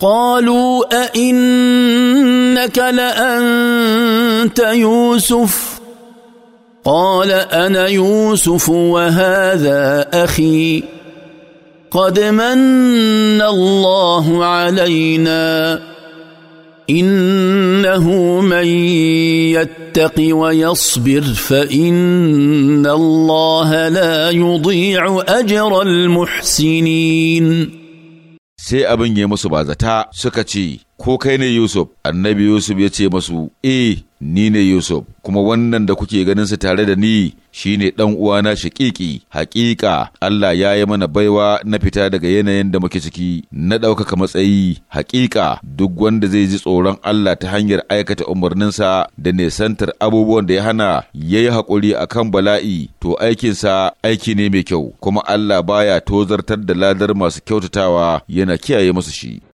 قالوا أئنك لأنت يوسف قال أنا يوسف وهذا أخي قد من الله علينا إنه من يتق ويصبر فإن الله لا يضيع أجر المحسنين sai abin ya musu zata suka ce ko kai ne Yusuf annabi Yusuf ya ce masu e ni ne Yusuf kuma wannan da kuke ganinsa tare da ni shine dan uwana shaƙiƙi haƙiƙa Allah ya yi mana baiwa na fita daga yanayin da muke ciki na ɗaukaka matsayi haƙiƙa duk wanda zai ji tsoron Allah ta hanyar aikata umarninsa da nesantar abubuwan da ya hana ya yi haƙuri a kan bala'i to aikinsa aiki ne mai kyau kuma Allah baya tozartar da ladar masu kyautatawa yana kiyaye masu shi.